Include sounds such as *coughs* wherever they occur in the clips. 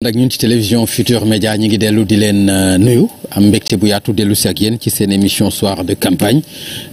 nag ñun ci télévision Futur Média ñi ngi dellu di leen euh, nuyu am mbégte bu yaatu dellu si ak yéen ci seen émission soir de campagne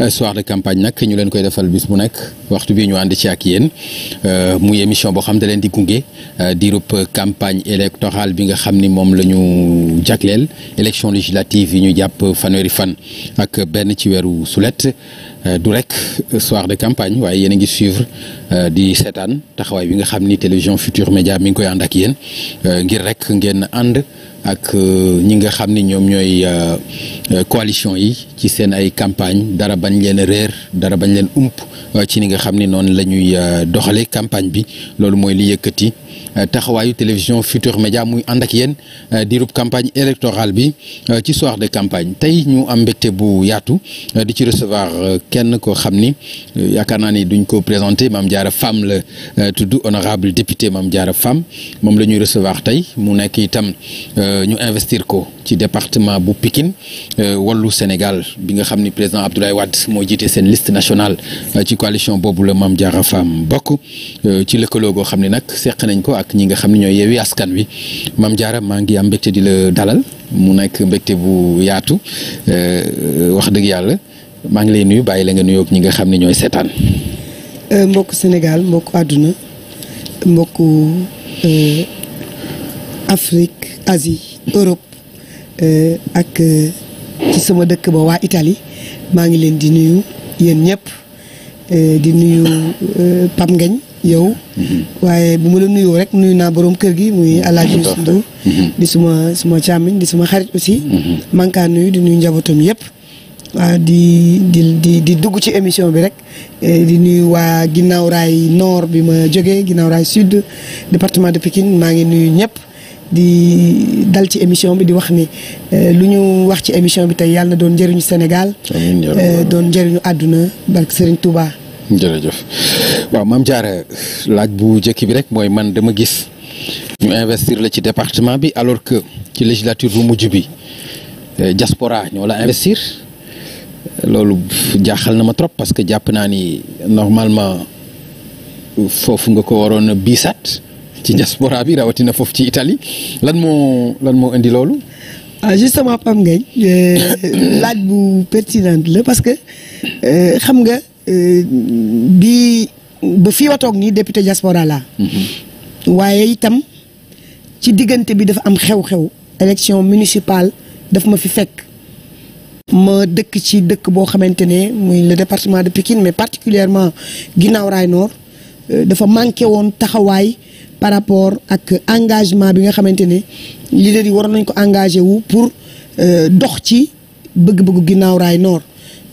euh, soir de campagne nag ñu leen koy defal bis bu nekk waxtu bi ñu ànd ci ak yéen euh, muy émission boo xam da leen di gunge diirub campagne électorale bi nga xam ni moom la ñu jagleel élection législative yi ñu jàpp fanweeri fan ak benn ci weeru sulet Euh, du rek euh, soir de campagne waaye yéen a ngi suivre euh, di seetaan taxawaay bi nga xam ni télévision Futur Média mi ngi koy ànd ak yéen ngir rek ngeen ànd ak ñi nga xam ni ñoom ñooy coalition yi ci seen ay campagne dara bañ leen réer dara bañ leen ump ci ni nga xam ni noonu la ñuy doxalee campagne bi loolu mooy li yëkkati. taxawaayu télévision Futur Média muy ànd ak yéen euh, diirub campagne électorale bi euh, ci soir de campagne tey ñu am mbégte bu yaatu euh, di ci recevoir kenn koo xam ni yaakaar naa ni duñ ko présenté Mame Diarra Fam la tuddu honorable député Mame Diarra Fam moom la ñuy recevoir tey mu nekk itam ñu investir ko ci département bu Pikine Wallu Sénégal bi nga xam ni président Abdoulaye Wade moo jiite seen liste nationale ci coalition boobu la Mame Diarra Fam bokk ci lëkkaloo goo xam ne nag seq nañ ko ñi nga xam ne ñooy yeewi askan wi maam Diarra maa ngi am mbégte di la dalal mu nekk mbégte bu yaatu euh, wax dëgg yàlla maa ngi lay nuyu bàyyi la nga nuyoog ñi nga xam ne ñooy seetaan. Euh, mbokku Sénégal mbokku àdduna mbokku euh, Afrique Asie Europe ak sama dëkk ba waa Italie maa ngi leen di nuyu yéen ñëpp di nuyu Pape Ngagne yow. Mm-hmm. waaye bu ma la nuyoo rek nuyu naa borom kër gi muy mm-hmm. Alaaji Youssou mm-hmm. di suma suma càmmiñ di suma xarit aussi. maa nuyu di nuyu njabootam yëpp. waaw di di di dugg ci émission bi rek eh, di nuyu waa ginnaaw raay nord bi ma jógee ginnaaw raay sud département de Pikine maa ngi nuyu ñëpp. di dal ci émission bi di wax ni eh, lu ñu wax ci émission bi tey yàlla doon njëriñu Sénégal eh, doon njëriñu àdduna barke Serigne Touba jërëjëf waaw maam Diarra laaj bu njëkk bi rek mooy man dama gis ñu investir la ci département bi alors que ci législature bu mujj bi eh, diaspora ñoo la investir loolu jaxal na ma trop parce que jàpp naa ni normalement foofu nga ko waroon a biisaat ci diaspora bi rawatina foofu ci Italie lan moo lan moo indi loolu. ah justement Pape Ngagne eh, *coughs* laaj bu pertinente la parce que eh, xam nga. Euh, bi ba fii watoog nii député diaspora la mhm. waaye itam ci diggante bi dafa am xew-xew élection municipale daf ma fi fekk ma dëkk ci dëkk boo xamante ne muy le département de Pikine mais particulièrement ginnaaw raay Nord euh, dafa manqué woon taxawaay par rapport ak engagement bi nga xamante ne leader yi war nañ ko engagé wu pour euh, dox ci bëgg-bëggu ginnaaw raay Nord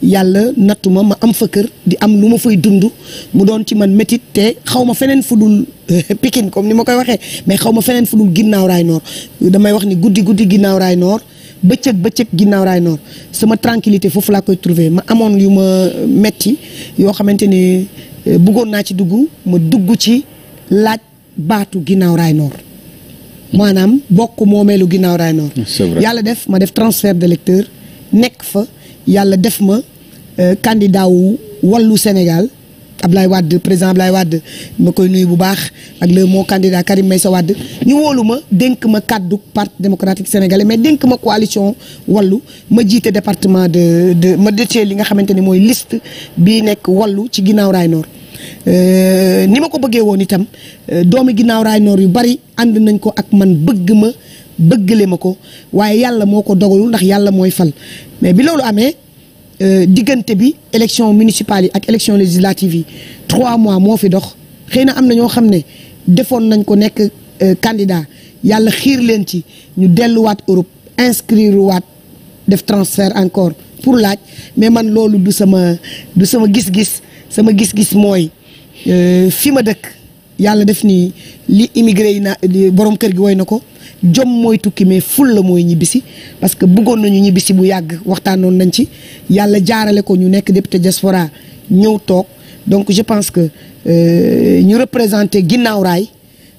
yàlla nattu ma ma am fa kër di am lu ma fay dund mu doon ci man métit te xaw ma feneen fu dul *laughs* Pikine comme ni ma koy waxee mais xaw ma feneen fu dul ginnaaw raay noor damay wax ni guddi guddi ginnaaw raay noor bëccëg bëccëg ginnaaw raay noor sama tranquillité foofu laa koy trouver ma amoon yu ma metti yoo xamante ni eh, bëggoon naa ci dugg ma dugg ci laaj baatu ginnaaw raay noor maanaam bokk moomeelu ginnaaw raay noor yàlla def ma def transfert de lecteur nekk fa yàlla def ma Euh, candidat wu wallu Sénégal ab Ablaye Wade président Ablaye wadd ma koy nuyu bu baax ak le moo candidat Karim sa wadd ñu wóolu ma dénk ma kàddu parti démocratique sénégalais mais dénk ma coalition wallu ma jiite département de de ma détee li nga xamante ni mooy liste bi nekk wallu ci ginnaaw raay noor euh, ni ma ko bëggee woon itam euh, doomi ginnaaw raay yu bari ànd nañ ko ak man bëgg ma bëggale ma ko waaye yàlla moo ko dogalul ndax yàlla mooy fal mais bi loolu Euh, diggante bi élection municipale yi ak élection législative yi trois mois moo fi dox xëy na am na ñoo xam ne defoon nañ ko nekk euh, candidat yàlla xiir leen ci ñu delluwaat Europe inscrire waat def transfert encore pour laaj mais man loolu du sama du sama gis-gis sama gis-gis mooy euh, fi ma dëkk yàlla def ni li immigré yi na borom kër gi woy na ko jom mooy tukki mais ful la mooy ñibbisi parce que bëggoon nañu ñibbisi bu yàgg waxtaanoon nañ ci yàlla jaarale ko ñu nekk député diaspora ñëw toog donc je pense que euh, ñu représenté ginnaaw raay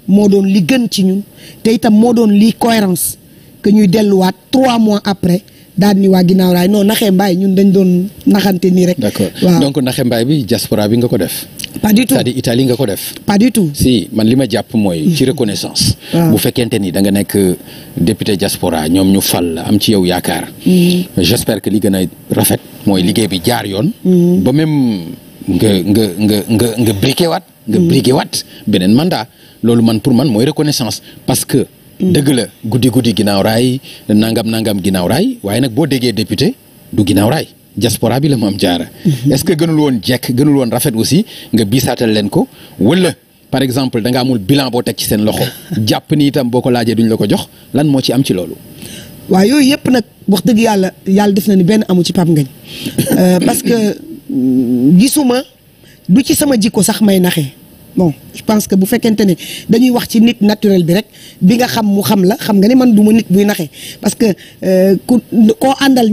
moo doon li gën ci ñun te itam moo doon lii cohérence que ñuy delluwaat trois mois après daal ni waa ginnaaw raay noo naxee mbaay ñun dañ doon naxante nii rek. d'accord waaw donc naxee mbaay bi diaspora bi nga ko def. pas du tout cest à nga ko def. pas du si man li ma jàpp mooy. Hmm. ci reconnaissance. bu fekkente ni da nga nekk député jaspora ñoom ñu fal am ci yow yaakaar. Hmm. j'espère que li gën a rafet mooy liggéey bi jaar yoon. Hmm. ba même nga nga nga nga nga briqué waat. nga briqué waat beneen mandaa loolu man pour man mooy reconnaissance parce que. dëgg la guddi guddi ginnaaw raay nangam nangam ginnaaw raay waaye nag boo déggee député du ginnaaw raay diaspora bi la am jaara mhm. est-ce que gënul woon jekk gënul woon rafet aussi nga biisaatal leen ko wala par exemple danga amul bilan boo teg ci seen loxo *laughs* jàpp ni itam boo ko laajee duñ la ko jox lan moo ci am ci loolu waaye yooyu yëpp nag wax dëgg yàlla yàlla def na ni benn amu ci Pape Ngagne *laughs* euh, parce que mm, gisuma du ci sama jikko sax may naxee bon je pense que bu fekkente ne dañuy wax ci nit naturel bi rek bi nga xam mu xam la xam nga ne man du ma nit buy naxee parce que euh, ku koo àndal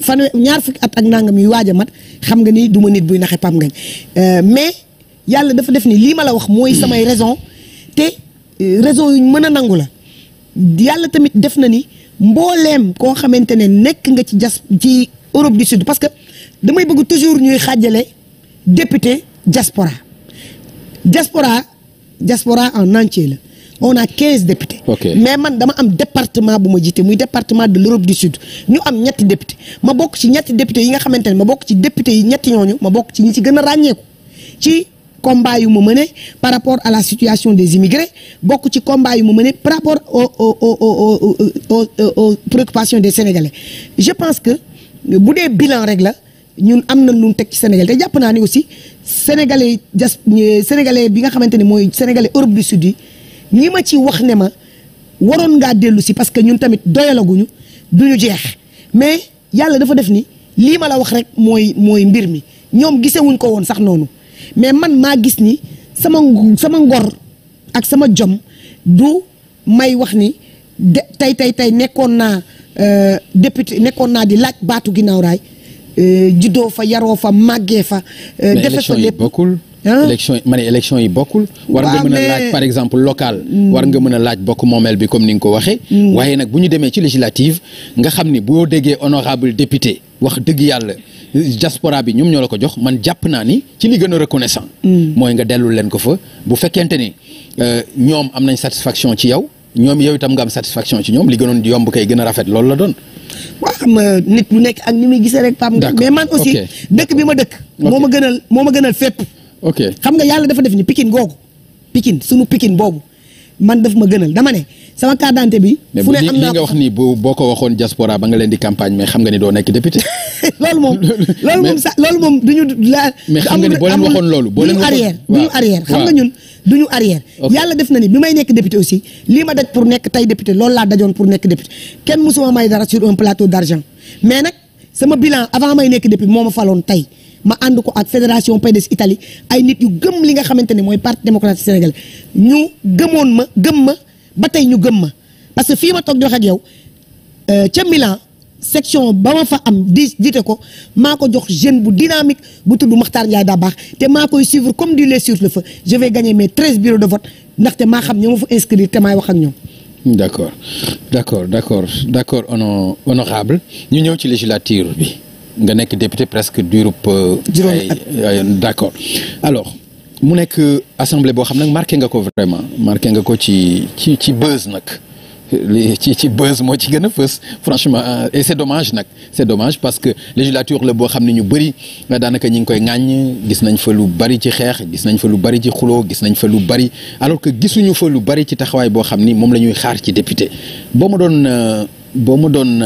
fan ñaar fukki at ak nangam yu waaj a mat xam nga ni du ma nit buy naxe pam ngañ euh, mais yàlla dafa def ni lii ma la wax mooy samay raison te euh, raison yuñ mën a nangu la yàlla tamit def na ni mbooleem koo xamante ne nekk nga ci jas ci Europe du Sud parce que damay bëgg toujours ñuy xaajale député diaspora diaspora diaspora en entier la on a quinze députés. Okay. mais man dama am département bu ma jiite muy département de l'Europe du Sud ñu am ñetti député ma bokk ci ñetti député yi nga xamante ne ma bokk ci député yi ñetti ñooñu ma bokk ci ñi ci gën a ci combat yu ma mëne par rapport à la situation des immigrés bokk ci combat yu ma mëne par rapport au au au aux des Sénégalais je pense que bu dee bilan rek la ñun am na lu ñu teg ci Sénégal te jàpp naa ni aussi sénégalais jas sénégalais bi nga xamante ni mooy sénégalais Europe du Sud yi ma ci wax ne ma waroon ngaa dellu si parce que ñun tamit doyalaguñu duñu jeex mais yàlla dafa def ni lii ma la wax rek mooy mooy mbir mi ñoom gisewuñ ko woon sax noonu mais man maa gis ni sama sama ngor ak sama jom du may wax ni de tey tey tey nekkoon naa euh, député nekkoon naa di laaj baatu ginnaaw raay Euh, juddoo fa yaroo fa màggee fa. Euh, defe fa lépp bokkul. élection yi ma ne yi bokkul. war nga mën a laaj par exemple local. Hmm. war nga mën a laaj bokk moomeel bi comme ni nga ko waxee. Hmm. waaye nag bu ñu demee ci législative nga xam ni boo déggee honorable député wax dëgg yàlla. diaspora bi ñoom ñoo la ko jox man jàpp naa ni ci li gën a reconnaissant. Hmm. mooy nga dellul leen ko fa bu fekkente ni euh, ñoom am nañ satisfaction ci yow ñoom yow itam nga am satisfaction ci ñoom li gënoon yomb kay gën a rafet la doon. waaw xam nit bu nekk ak ni muy gisee rek pam nga mais man aussi dëkk bi ma dëkk moo ma gënal moo ma gënal fépp ok xam nga yàlla dafa def ni pikin googu pikin sunu pikin boobu man daf ma gënal dama ne sama carte d'identité bi fu ne am naa nga boo ko waxoon diaspora ba nga leen di campagne mais xam nga ni doo nekk député *laughs* loolu moom *laughs* loolu moom sax loolu moom duñu ñu laa xam nga ni boo leen waxoon loolu boo leen waxoon arrière duñu arrière xam nga ñun du ñu arrière. yàlla def na ni bi may nekk député aussi lii ma daj pour nekk tey député loolu laa dajoon pour nekk député kenn musuma may dara sur un plateau d' argent mais nag sama bilan avant may nekk député moo ma faloon tey. ma ànd ko ak fédération PDS Italie ay nit yu gëm li nga xamante ne mooy parti démocratique sénégalais ñu gëmoon ma gëm ma ba tey ñu gëm ma parce que fii ma toog di wax ak yow euh, ca Milan section ba ma fa am di jiite ko maa ko jox jeune bu dynamique bu tudd Makhtar Ndiaye daa baax te maa koy suivre comme du lait sur le fa je vais gagner mes treize bureaux de vote ndaxte maa xam ñoo ma fa inscrire te maay wax ak ñoom. d' accord d' accord d' accord d' accord hono honorable ñu ñëw ci législature bi nga nekk député presque durub. Euh, juróomi ay d' accord alors. mu nekk assemblée boo xam nag marqué nga ko vraiment marqué nga ko ci ci ci buzz nag li ci ci buzz moo ci gën a fës franchement euh, et c'est dommage nag c'est dommage parce que législature la boo xam ne ñu bëri euh, daanaka ñi ngi koy ŋàññ gis nañ fa lu bari ci xeex gis nañ fa lu bari ci xuloo gis nañ fa lu bari alors que gisuñu fa lu bari ci taxawaay boo xam ni moom la ñuy xaar ci député boo ma doon euh, boo ma doon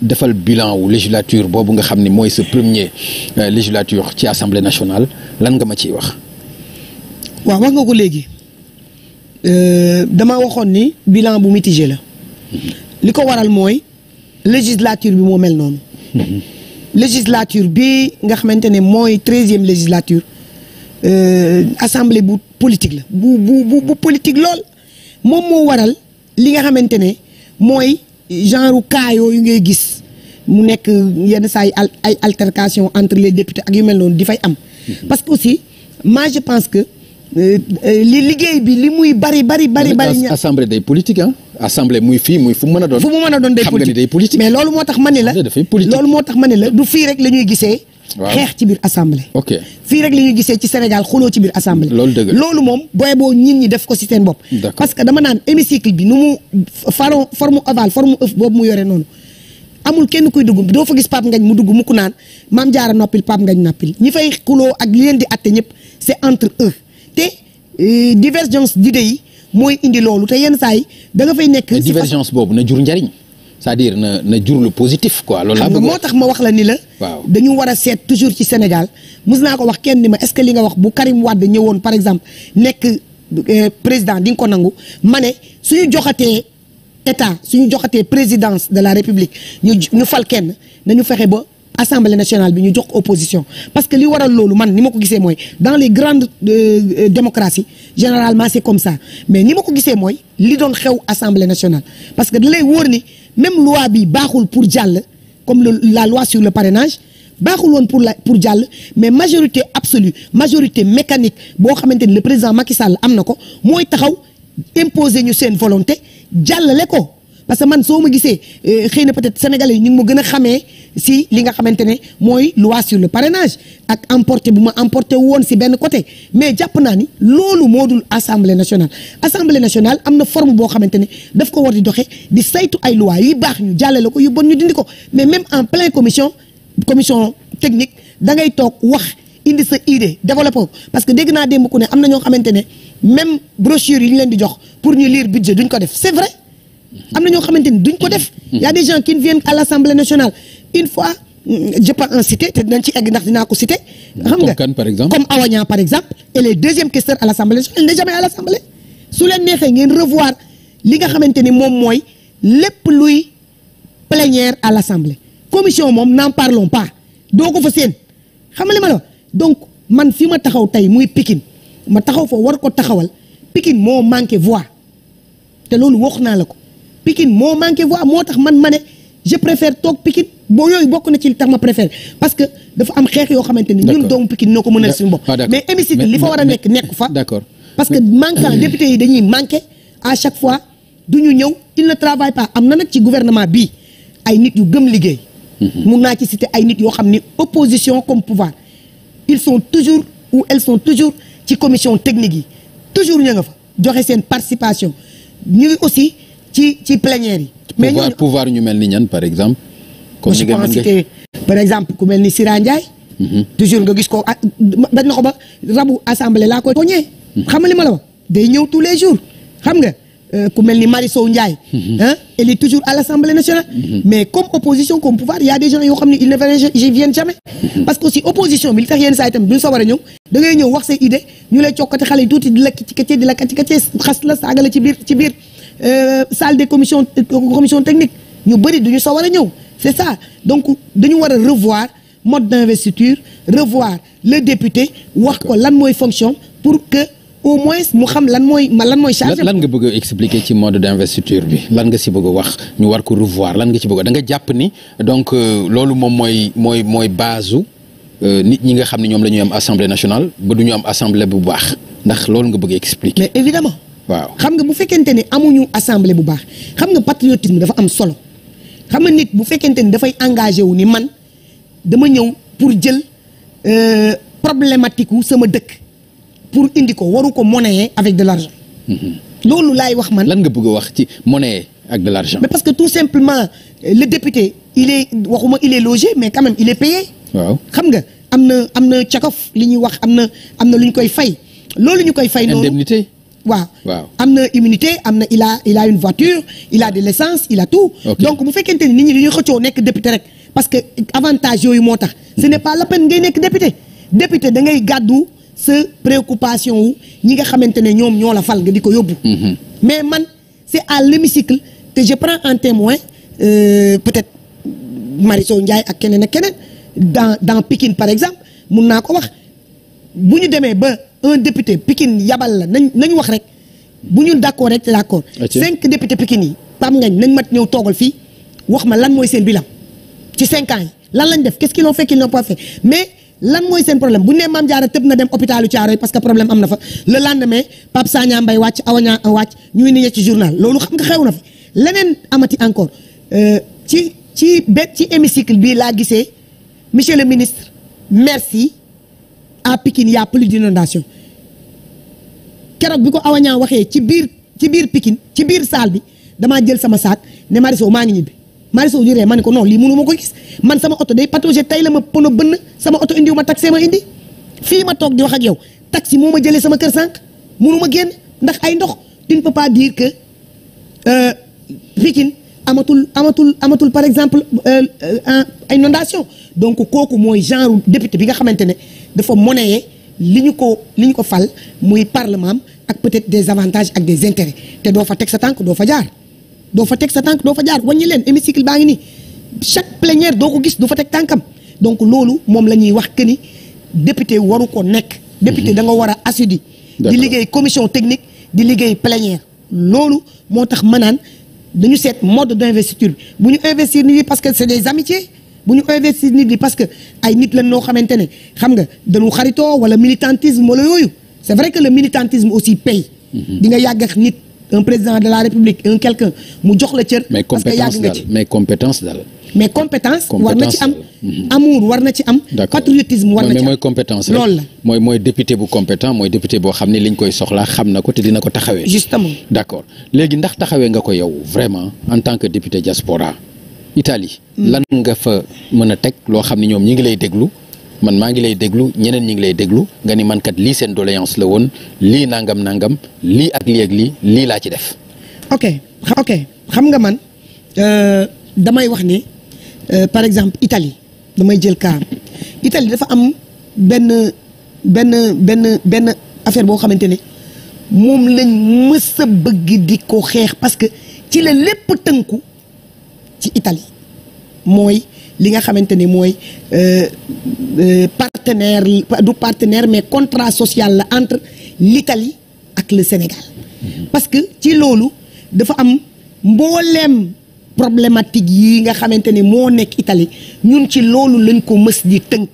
defal bilan wu législature boobu nga xam ni mooy sa premier législature ci assemblée nationale lan nga ma ciy wax. waaw wax nga ko léegi dama waxoon ni bilan li ko waral mooy législature bi moo mel noonu. législature bi nga xamante ne mooy treizième législature euh, assemblée bu politique la bu bu bu bu lool moom moo waral li nga xamante ne mooy genre cas yooyu ngay gis mu nekk yenn saa yi ay altercation entre les députés ak yu mel noonu di fay am. parce que aussi moi je pense que. Euh, euh, li liggéey bi li muy bari bari bari bari. assemblée day politique ah. muy fii muy fu mu mën a doon. fu mu a doon day politique mais loolu moo tax ma ne la. loolu moo tax ma ne la du fii rek la gisee. xeex ci biir assemblée. fii rek la ñuy gisee ci Sénégal xuloo ci biir assemblée. loolu dëgg loolu moom booy boo nit ñi def ko si seen bopp. parce que dama naan hémicycle bi nu mu faron forme ovale forme œuf boobu mu yore noonu. amul kenn kuy dugg doo fa gis Pape Ngañ mu dugg mukk naan Maam Jaara noppil Pape Ngañ noppil ñi fay xuloo ak leen di atte ñëpp c'est entre te eh, divergence d'idées yi mooy indi loolu te yenn saa yi da nga fay nekk. divergence boobu na jur njariñ cest à na na jur lu positif quoi. loolu laa bëgg moo tax ma wax la ni la. waaw dañu war seet toujours ci Sénégal mës naa ko wax kenn ma est-ce que li nga wax bu Karim Wade ñëwoon par exemple nekk eh, président di nga ko nangu ma ne suñu joxatee état suñu joxatee présidence de la république ñu ñu fal kenn nañu fexe ba. assemblée nationale bi ñu jox opposition parce que li waral loolu man ni ma ko gisee mooy dans les grandes euh, euh, démocraties généralement c'est comme ça mais ni ma ko gisee mooy li doon xew assemblée nationale parce que da lay wóor ni même loi bi baaxul pour jàll comme le, la loi sur le parrainage baaxul woon pour la pour jàll mais majorité absolue majorité mécanique boo xamante ni le président Macky Sall am na ko mooy taxaw imposer ñu seen volonté jàllale ko parce que man soo ma gisee euh, xëy na peut-être sénégalais yi ñu ngi ma gën a xamee si li nga xamante ne mooy loi sur le parrainage ak emporte bu ma emporté woon si benn côté mais jàpp naa ni loolu moo dul assemblée nationale assemblée nationale am na forme boo xamante ne daf ko war di doxee di saytu ay loi yi baax ñu jàllale ko yu bon ñu dindi ko mais même en plein commission commission technique da ngay toog wax indi sa idée développé parce que dégg naa démb ku ne am na ñoo xamante ne même brochure yi ñu leen di jox pour ñu lire budget ko def c'est vrai am na ñoo xamante ni duñ ko def. Mm-hmm. y a des gens qui viennent à l'Assemblée nationale une fois je peux en te dinañ ci egg ndax dinaa ko citer. Mm-hmm. xam nga comme par Awaña par exemple. elle est deuxième questeur à l'Assemblée nationale elle n'est jamais à l'Assemblée su leen neexee ngeen revoir li nga xamante ni moom mooy lépp luy plénière à l'Assemblée commission moom n'en parlons pas doo ko fa seen xam nga li ma la donc man fi ma taxaw tey muy Pikine ma taxaw fa war ko taxawal Pikine moo manqué voix te loolu wax naa la ko. Pikine moo manqué voix moo tax man ma ne je préfère toog Pikine boo yooyu bokk na ci li tax ma préfère parce que dafa am xeex yoo xamante ni ñun doomu Pikine noo ko mën a suñu bopp ah, mais hémicycle li fa war a nekk nekk fa d'accord parce que manquant *coughs* député yi dañuy manqué à chaque fois du ñu ñëw il ne travaille pas am na nag ci gouvernement bii ay nit yu gëm liggéey mhm. mun naa ci citer ay nit yoo xam ni opposition comme pouvoir ils sont toujours ou elles sont toujours ci commission technique yi toujours ña nga fa joxe seen participation ñu aussi ci ci plénière yi. mais ñooñu pouvoir ñu mel ni ñan par exemple. comme ni nga exemple ku mel ni Sira Ndiaye. Mhm. toujours nga gis ko ah, bañ na ko ba rabu assemblée laa koy poñee. Mhm. xam nga li ma la wax day ñëw tous les jours xam nga. Euh, ku mel ni Marie Sow Ndiaye. Mhm. elle est toujours à l'Assemblée nationale. mais comme opposition comme pouvoir y a des gens yoo xam ne ils ne viennent jamais. parce que aussi opposition bi li tax yenn saa yi tamit duñ war a ñëw da ñëw wax say idée ñu lay cokkati xale tuuti di la ci kër di la ci biir ci biir. Euh, salle des commissions commission technique ñu bëri duñu ñu sa war a ñëw c'est ça donc dañu war a revoir mode d'investiture revoir le député wax ko lan mooy fonction pour que au moins mu xam lan mooy ma lan mooy chargé lan nga bëgg a expliquer ci mode d'investiture bi lan nga si bëgg wax ñu war ko revoir lan nga ci bëgg danga jàpp ni donc euh, loolu moom mooy mooy mooy base euh, nit ñi nga xam ne ñoom lañuy ñuy am assemblée nationale ba du ñu am assemblée bu baax ndax loolu nga bëgg a expliquer mais évidemment waaw xam nga bu fekkente ni amuñu assemblée bu baax xam nga patriotisme dafa am solo xam nga nit bu fekkente ni dafay engagé wu ni man dama ñëw pour jël euh, problématique wu sama dëkk pour indi ko waru ko monnayer avec de l'argent mhm. loolu laay wax man. lan nga bëgg a wax ci monnayer ak de l'argent. mais parce que tout simplement euh, le député il est waxuma il est logé mais quand même il est payé. xam nga am na am na cakof li ñuy wax am na am na lu ñu koy fay. loolu ñu koy fay noonu indemnité. waaw am na immunité am na il a il a une voiture il a de l'essence il a tout donc bu fekkente ni nit ñi ñu xëccoo nekk député rek parce que avantage yooyu moo tax ce n'est pas la peine ngay nekk député député da ngay gàddu sa préoccupation wu ñi nga xamante ne ñoom ñoo la fal nga di ko yóbbu mhm. mais man c'est à l'hémicycle te je prends en témoin euh, peut-être Mariso Ndiaye ak keneen ak keneen dans dans Pikine par exemple mun naa ko wax bu ñu demee ba un député Pikine yabal la nañ nañ wax rek bu ñun d'accord rek d'accord cinq député Pikine yi Pape Ngagne nañ mat ñëw toogal fii wax ma lan mooy seen bilan ci cinq ans yi lan lañ def qu'est-ce qu'ils ont fait mais lan mooy seen problème bu nee Mame Diarra tëb na dem hôpitalu Thiaroye parce que problème am na fa le lendemain Pape Sagna Mbaye wàcc awaña euh, wàcc ñuy ni ci journal loolu xam nga xew na fi leneen amati encore euh, ci ci benn ci hémicycle bi laa gisee monsieur le ministre merci à pikin y a plus d'inondation keroog bi ko awañaa waxee ci biir ci biir ci biir saal bi damaa jël sama saak ne Mariso maa ngi ñibbi Mariso ñu ree ma ne ko non lii mënu ma ko gis man sama oto de patauger tey la ma pono bënn sama oto indiwu ma taxi ma indi fii ma toog di wax ak yow taxi moo ma jëlee sama kër sànq mënu ma génn ndax ay ndox tu ne peux pas dire que euh, pikin amatul amatul amatul par exemple euh, euh, inondation donc kooku mooy genre député bi nga xamante ne dafa monnayer li ñu ko li ñu ko fal muy parlement ak peut-être des avantages ak des intérêts te doo fa teg sa tànk doo fa jaar doo fa teg sa tànk doo fa jaar wàññi leen hémicycle baa ngi nii chaque plénière doo ko gis du fa teg tànkam donc loolu moom la ñuy wax que ni député waru ko nekk député mhm. da nga war a assidu di liggéey commission technique di liggéey plénière loolu moo tax ma dañu seet mode d'investiture bi bu ñu investir nit yi parce que c'est des amitiés bu ñu investir nit yi parce que ay nit lañ noo xamante ne xam nga dañu xaritoo wala militantisme wala yooyu c'est vrai que le militantisme aussi paye mhm. di nga yàgg nit un président de la république un quelqu'un mu jox la cër. parce que yàgg nga ci mais compétence daal mais compétence war na ci am euh, mm-hmm. amour war na ci am patriotisme war na ci am mooy compétence loolu la mooy mooy député bu compétent mooy député boo xam ne li ñu koy soxla xam na ko te dina ko taxawee justement d' accord léegi ndax taxawee nga ko yow vraiment en tant que député diaspora Italie mm. lan nga fa mën a teg loo xam ne ñoom ñi ngi lay déglu man maa ngi lay déglu ñeneen ñi ngi lay déglu nga ni mankat lii seen doléance la woon lii nangam nangam lii ak lii ak lii lii laa ci def ok ok xam nga man euh, damay wax ni Euh, par exemple Italie damay jël cas Italie dafa am benn benn benn benn affaire boo xamante ne moom lañ mës a bëgg di ko xeex parce que ci la lépp tënku ci Italie mooy li nga xamante ni mooy euh, euh, partenaire du partenaire mais contrat social la entre l'Italie ak le Sénégal mm-hmm. parce ci loolu dafa am mbooleem problématique yi nga xamante ni moo nekk itali ñun ci loolu lañ ko mës di tënk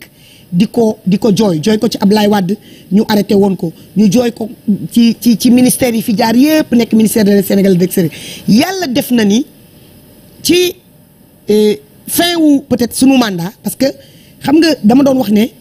di ko di ko jooy jooy ko ci Ablaye Wade ñu arrêté woon ko ñu jooy ko ci ci ci ministère yi fi jaar yépp nekk ministère de Sénégal de l'extérieur yàlla def na ni ci eh, fin wu peut-être sunu mandat parce que xam nga dama doon wax ne